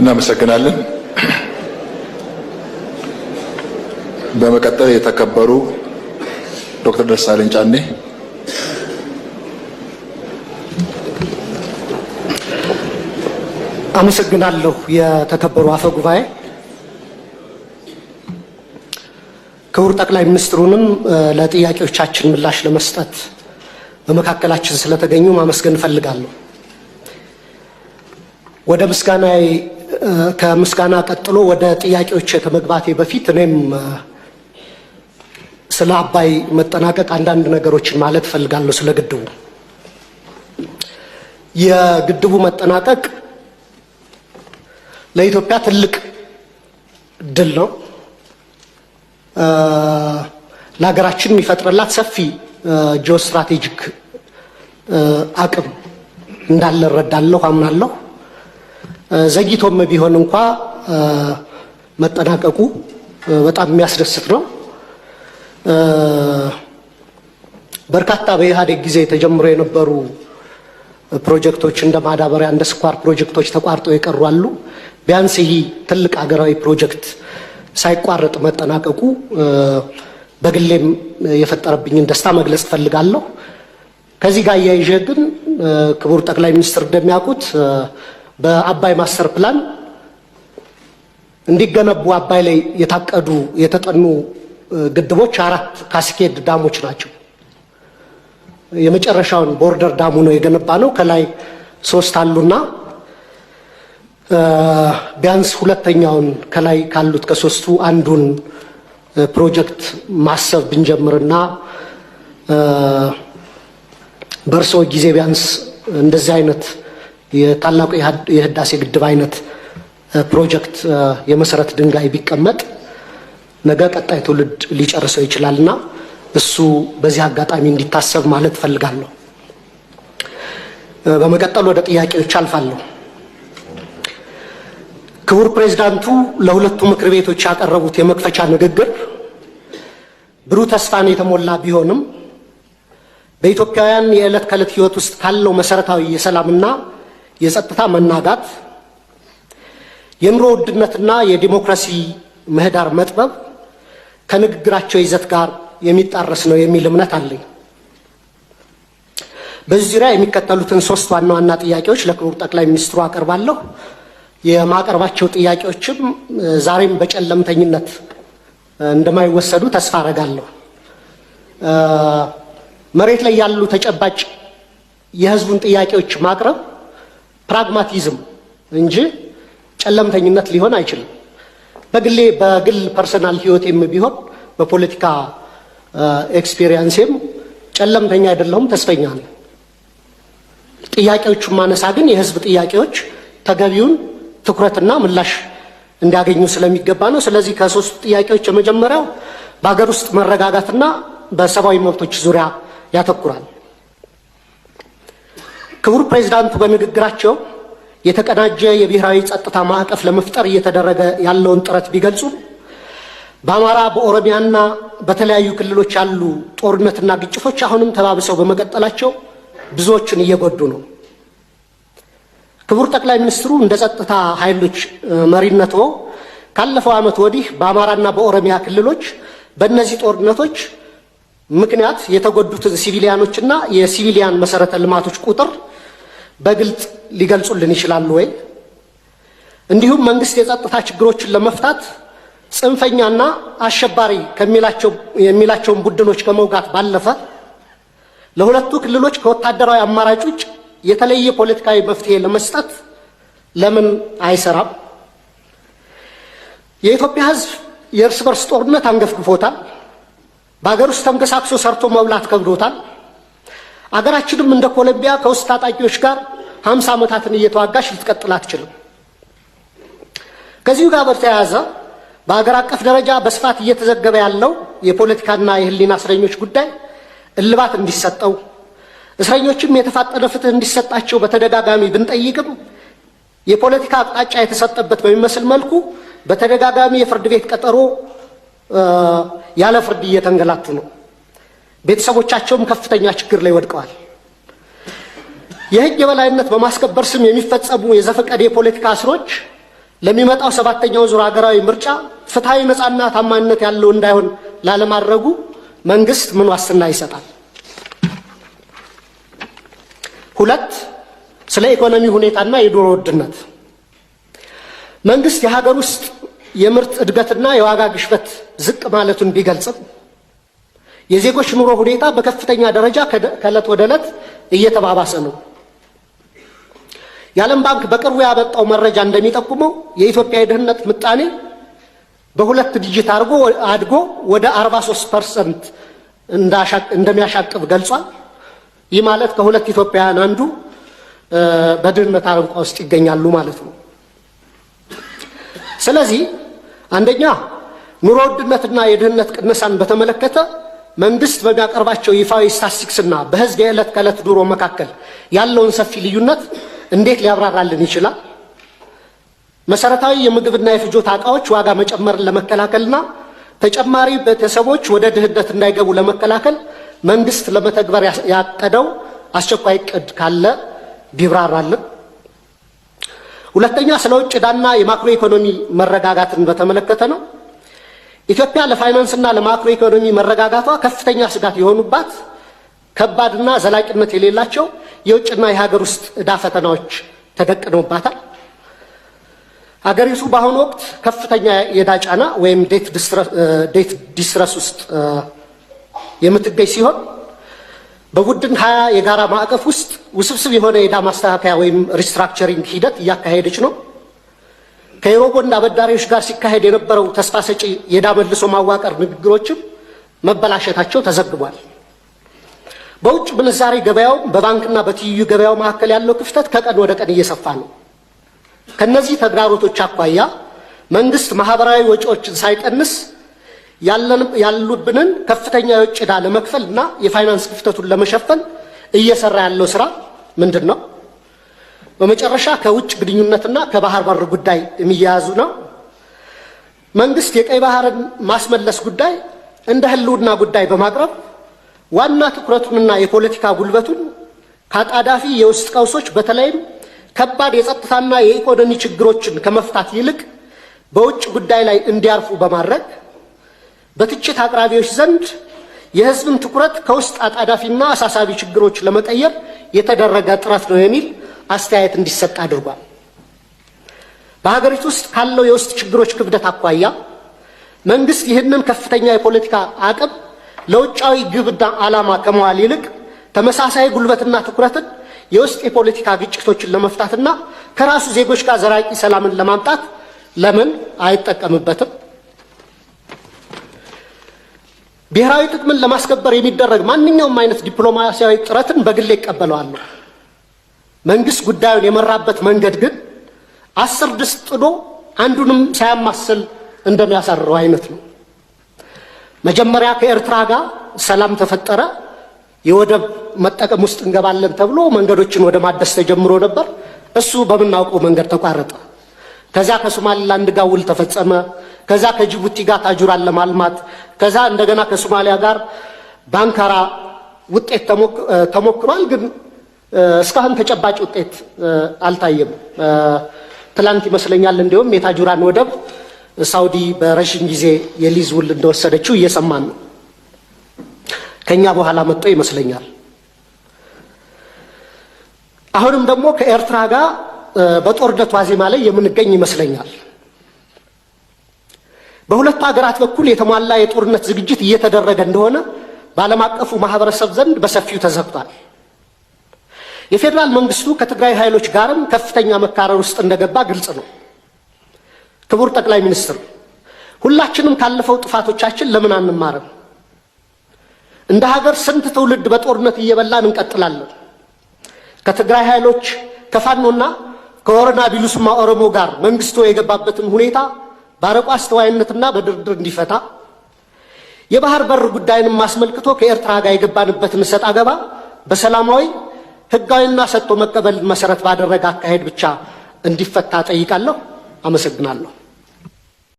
እናመሰግናለን። በመቀጠል የተከበሩ ዶክተር ደሳለኝ ጫኔ። አመሰግናለሁ። የተከበሩ አፈ ጉባኤ፣ ክቡር ጠቅላይ ሚኒስትሩንም ለጥያቄዎቻችን ምላሽ ለመስጠት በመካከላችን ስለተገኙ ማመስገን እፈልጋለሁ። ወደ ምስጋና ከምስጋና ቀጥሎ ወደ ጥያቄዎች ከመግባቴ በፊት እኔም ስለ አባይ መጠናቀቅ አንዳንድ ነገሮችን ማለት እፈልጋለሁ። ስለ ግድቡ የግድቡ መጠናቀቅ ለኢትዮጵያ ትልቅ ድል ነው። ለሀገራችን የሚፈጥርላት ሰፊ ስትራቴጂክ አቅም እንዳለ እረዳለሁ፣ አምናለሁ። ዘግይቶም ቢሆን እንኳ መጠናቀቁ በጣም የሚያስደስት ነው። በርካታ በኢህአዴግ ጊዜ ተጀምሮ የነበሩ ፕሮጀክቶች እንደ ማዳበሪያ፣ እንደ ስኳር ፕሮጀክቶች ተቋርጠው የቀሩ አሉ። ቢያንስ ይህ ትልቅ ሀገራዊ ፕሮጀክት ሳይቋረጥ መጠናቀቁ በግሌም የፈጠረብኝን ደስታ መግለጽ እፈልጋለሁ። ከዚህ ጋር አያይዤ ግን ክቡር ጠቅላይ ሚኒስትር እንደሚያውቁት በአባይ ማስተር ፕላን እንዲገነቡ አባይ ላይ የታቀዱ የተጠኑ ግድቦች አራት ካስኬድ ዳሞች ናቸው። የመጨረሻውን ቦርደር ዳሙ ነው የገነባ ነው። ከላይ ሶስት አሉና ቢያንስ ሁለተኛውን ከላይ ካሉት ከሶስቱ አንዱን ፕሮጀክት ማሰብ ብንጀምርና በእርሶ ጊዜ ቢያንስ እንደዚህ አይነት የታላቁ የህዳሴ ግድብ አይነት ፕሮጀክት የመሰረት ድንጋይ ቢቀመጥ ነገ ቀጣይ ትውልድ ሊጨርሰው ይችላልና እሱ በዚህ አጋጣሚ እንዲታሰብ ማለት ፈልጋለሁ። በመቀጠል ወደ ጥያቄዎች አልፋለሁ። ክቡር ፕሬዝዳንቱ ለሁለቱ ምክር ቤቶች ያቀረቡት የመክፈቻ ንግግር ብሩህ ተስፋን የተሞላ ቢሆንም በኢትዮጵያውያን የዕለት ከዕለት ህይወት ውስጥ ካለው መሰረታዊ የሰላምና የጸጥታ መናጋት፣ የኑሮ ውድነትና የዲሞክራሲ ምህዳር መጥበብ ከንግግራቸው ይዘት ጋር የሚጣረስ ነው የሚል እምነት አለኝ። በዚህ ዙሪያ የሚከተሉትን ሶስት ዋና ዋና ጥያቄዎች ለክቡር ጠቅላይ ሚኒስትሩ አቀርባለሁ። የማቀርባቸው ጥያቄዎችም ዛሬም በጨለምተኝነት እንደማይወሰዱ ተስፋ አረጋለሁ። መሬት ላይ ያሉ ተጨባጭ የህዝቡን ጥያቄዎች ማቅረብ ፕራግማቲዝም እንጂ ጨለምተኝነት ሊሆን አይችልም። በግሌ በግል ፐርሰናል ህይወቴም ቢሆን በፖለቲካ ኤክስፔሪየንሴም ጨለምተኛ አይደለሁም፣ ተስፈኛ ነኝ። ጥያቄዎቹን ማነሳ ግን የህዝብ ጥያቄዎች ተገቢውን ትኩረትና ምላሽ እንዲያገኙ ስለሚገባ ነው። ስለዚህ ከሶስቱ ጥያቄዎች የመጀመሪያው በሀገር ውስጥ መረጋጋትና በሰብአዊ መብቶች ዙሪያ ያተኩራል። ክቡር ፕሬዚዳንቱ በንግግራቸው የተቀናጀ የብሔራዊ ጸጥታ ማዕቀፍ ለመፍጠር እየተደረገ ያለውን ጥረት ቢገልጹ በአማራ በኦሮሚያና በተለያዩ ክልሎች ያሉ ጦርነትና ግጭቶች አሁንም ተባብሰው በመቀጠላቸው ብዙዎችን እየጎዱ ነው። ክቡር ጠቅላይ ሚኒስትሩ እንደ ጸጥታ ኃይሎች መሪነት ካለፈው ዓመት ወዲህ በአማራና በኦሮሚያ ክልሎች በእነዚህ ጦርነቶች ምክንያት የተጎዱትን ሲቪሊያኖችና የሲቪሊያን መሰረተ ልማቶች ቁጥር በግልጽ ሊገልጹልን ይችላሉ ወይ? እንዲሁም መንግስት የጸጥታ ችግሮችን ለመፍታት ጽንፈኛና አሸባሪ የሚላቸውን ቡድኖች ከመውጋት ባለፈ ለሁለቱ ክልሎች ከወታደራዊ አማራጭ ውጭ የተለየ ፖለቲካዊ መፍትሄ ለመስጠት ለምን አይሰራም? የኢትዮጵያ ሕዝብ የእርስ በርስ ጦርነት አንገፍግፎታል። በሀገር ውስጥ ተንቀሳቅሶ ሰርቶ መብላት ከብዶታል። አገራችንም እንደ ኮሎምቢያ ከውስጥ ታጣቂዎች ጋር ሀምሳ ዓመታትን እየተዋጋሽ ልትቀጥል አትችልም። ከዚሁ ጋር በተያያዘ በሀገር አቀፍ ደረጃ በስፋት እየተዘገበ ያለው የፖለቲካና የህሊና እስረኞች ጉዳይ እልባት እንዲሰጠው እስረኞችም የተፋጠነ ፍትህ እንዲሰጣቸው በተደጋጋሚ ብንጠይቅም የፖለቲካ አቅጣጫ የተሰጠበት በሚመስል መልኩ በተደጋጋሚ የፍርድ ቤት ቀጠሮ ያለ ፍርድ እየተንገላቱ ነው። ቤተሰቦቻቸውም ከፍተኛ ችግር ላይ ወድቀዋል። የህግ የበላይነት በማስከበር ስም የሚፈጸሙ የዘፈቀደ የፖለቲካ እስሮች ለሚመጣው ሰባተኛው ዙር ሀገራዊ ምርጫ ፍትሐዊ ነፃና ታማኝነት ያለው እንዳይሆን ላለማድረጉ መንግስት ምን ዋስትና ይሰጣል? ሁለት ስለ ኢኮኖሚ ሁኔታና የዱሮ ውድነት መንግስት የሀገር ውስጥ የምርት እድገትና የዋጋ ግሽበት ዝቅ ማለቱን ቢገልጽም የዜጎች ኑሮ ሁኔታ በከፍተኛ ደረጃ ከእለት ወደ ዕለት እየተባባሰ ነው። የዓለም ባንክ በቅርቡ ያበጣው መረጃ እንደሚጠቁመው የኢትዮጵያ የድህነት ምጣኔ በሁለት ዲጂት አድርጎ አድጎ ወደ 43 ፐርሰንት እንደሚያሻቅብ ገልጿል። ይህ ማለት ከሁለት ኢትዮጵያውያን አንዱ በድህነት አረንቋ ውስጥ ይገኛሉ ማለት ነው። ስለዚህ አንደኛ ኑሮ ውድነትና የድህነት ቅነሳን በተመለከተ መንግስት በሚያቀርባቸው ይፋዊ ስታስቲክስና በህዝብ የዕለት ከዕለት ዱሮ መካከል ያለውን ሰፊ ልዩነት እንዴት ሊያብራራልን ይችላል? መሰረታዊ የምግብና የፍጆታ እቃዎች ዋጋ መጨመርን ለመከላከልና ተጨማሪ ቤተሰቦች ወደ ድህነት እንዳይገቡ ለመከላከል መንግስት ለመተግበር ያቀደው አስቸኳይ እቅድ ካለ ቢብራራልን። ሁለተኛ ስለ ውጭ ዕዳና የማክሮ ኢኮኖሚ መረጋጋትን በተመለከተ ነው። ኢትዮጵያ ለፋይናንስና ለማክሮ ኢኮኖሚ መረጋጋቷ ከፍተኛ ስጋት የሆኑባት ከባድና ዘላቂነት የሌላቸው የውጭና የሀገር ውስጥ ዕዳ ፈተናዎች ተደቅኖባታል። አገሪቱ በአሁኑ ወቅት ከፍተኛ የዕዳ ጫና ወይም ዴት ዲስትረስ ውስጥ የምትገኝ ሲሆን በቡድን ሀያ የጋራ ማዕቀፍ ውስጥ ውስብስብ የሆነ የዕዳ ማስተካከያ ወይም ሪስትራክቸሪንግ ሂደት እያካሄደች ነው። ከዩሮቦንድ አበዳሪዎች ጋር ሲካሄድ የነበረው ተስፋ ሰጪ የዕዳ መልሶ ማዋቀር ንግግሮችም መበላሸታቸው ተዘግቧል። በውጭ ምንዛሬ ገበያው በባንክና በትይዩ ገበያው መካከል ያለው ክፍተት ከቀን ወደ ቀን እየሰፋ ነው። ከነዚህ ተግዳሮቶች አኳያ መንግስት ማህበራዊ ወጪዎችን ሳይቀንስ ያሉብንን ከፍተኛ የውጭ ዕዳ ለመክፈል እና የፋይናንስ ክፍተቱን ለመሸፈን እየሰራ ያለው ስራ ምንድን ነው? በመጨረሻ ከውጭ ግንኙነትና ከባህር በር ጉዳይ የሚያያዙ ነው። መንግስት የቀይ ባህርን ማስመለስ ጉዳይ እንደ ህልውና ጉዳይ በማቅረብ ዋና ትኩረቱንና የፖለቲካ ጉልበቱን ከአጣዳፊ የውስጥ ቀውሶች በተለይም ከባድ የጸጥታና የኢኮኖሚ ችግሮችን ከመፍታት ይልቅ በውጭ ጉዳይ ላይ እንዲያርፉ በማድረግ በትችት አቅራቢዎች ዘንድ የሕዝብን ትኩረት ከውስጥ አጣዳፊና አሳሳቢ ችግሮች ለመቀየር የተደረገ ጥረት ነው የሚል አስተያየት እንዲሰጥ አድርጓል። በሀገሪቱ ውስጥ ካለው የውስጥ ችግሮች ክብደት አኳያ መንግስት ይህንን ከፍተኛ የፖለቲካ አቅም ለውጫዊ ግብና ዓላማ ከመዋል ይልቅ ተመሳሳይ ጉልበትና ትኩረትን የውስጥ የፖለቲካ ግጭቶችን ለመፍታትና ከራሱ ዜጎች ጋር ዘራቂ ሰላምን ለማምጣት ለምን አይጠቀምበትም? ብሔራዊ ጥቅምን ለማስከበር የሚደረግ ማንኛውም አይነት ዲፕሎማሲያዊ ጥረትን በግሌ ይቀበለዋለሁ። መንግስት ጉዳዩን የመራበት መንገድ ግን አስር ድስት ጥዶ አንዱንም ሳያማስል እንደሚያሳርረው አይነት ነው። መጀመሪያ ከኤርትራ ጋር ሰላም ተፈጠረ። የወደብ መጠቀም ውስጥ እንገባለን ተብሎ መንገዶችን ወደ ማደስ ተጀምሮ ነበር። እሱ በምናውቀው መንገድ ተቋረጠ። ከዛ ከሶማሊላንድ ጋር ውል ተፈጸመ። ከዛ ከጅቡቲ ጋር ታጁራን ለማልማት ከዛ እንደገና ከሶማሊያ ጋር በአንካራ ውጤት ተሞክሯል፣ ግን እስካሁን ተጨባጭ ውጤት አልታየም። ትላንት ይመስለኛል እንዲሁም የታጁራን ወደብ ሳውዲ በረዥም ጊዜ የሊዝ ውል እንደወሰደችው እየሰማን ነው። ከኛ በኋላ መጥቶ ይመስለኛል። አሁንም ደግሞ ከኤርትራ ጋር በጦርነት ዋዜማ ላይ የምንገኝ ይመስለኛል። በሁለቱ ሀገራት በኩል የተሟላ የጦርነት ዝግጅት እየተደረገ እንደሆነ በዓለም አቀፉ ማህበረሰብ ዘንድ በሰፊው ተዘግቷል። የፌዴራል መንግስቱ ከትግራይ ኃይሎች ጋርም ከፍተኛ መካረር ውስጥ እንደገባ ግልጽ ነው። ክቡር ጠቅላይ ሚኒስትር፣ ሁላችንም ካለፈው ጥፋቶቻችን ለምን አንማርም? እንደ ሀገር ስንት ትውልድ በጦርነት እየበላን እንቀጥላለን? ከትግራይ ኃይሎች ከፋኖና ከወረና ቢሉስማ ኦሮሞ ጋር መንግስቱ የገባበትን ሁኔታ በአርቆ አስተዋይነትና በድርድር እንዲፈታ የባህር በር ጉዳይንም አስመልክቶ ከኤርትራ ጋር የገባንበትን እሰጥ አገባ በሰላማዊ ህጋዊና ሰጥቶ መቀበል መሰረት ባደረገ አካሄድ ብቻ እንዲፈታ ጠይቃለሁ። አመሰግናለሁ።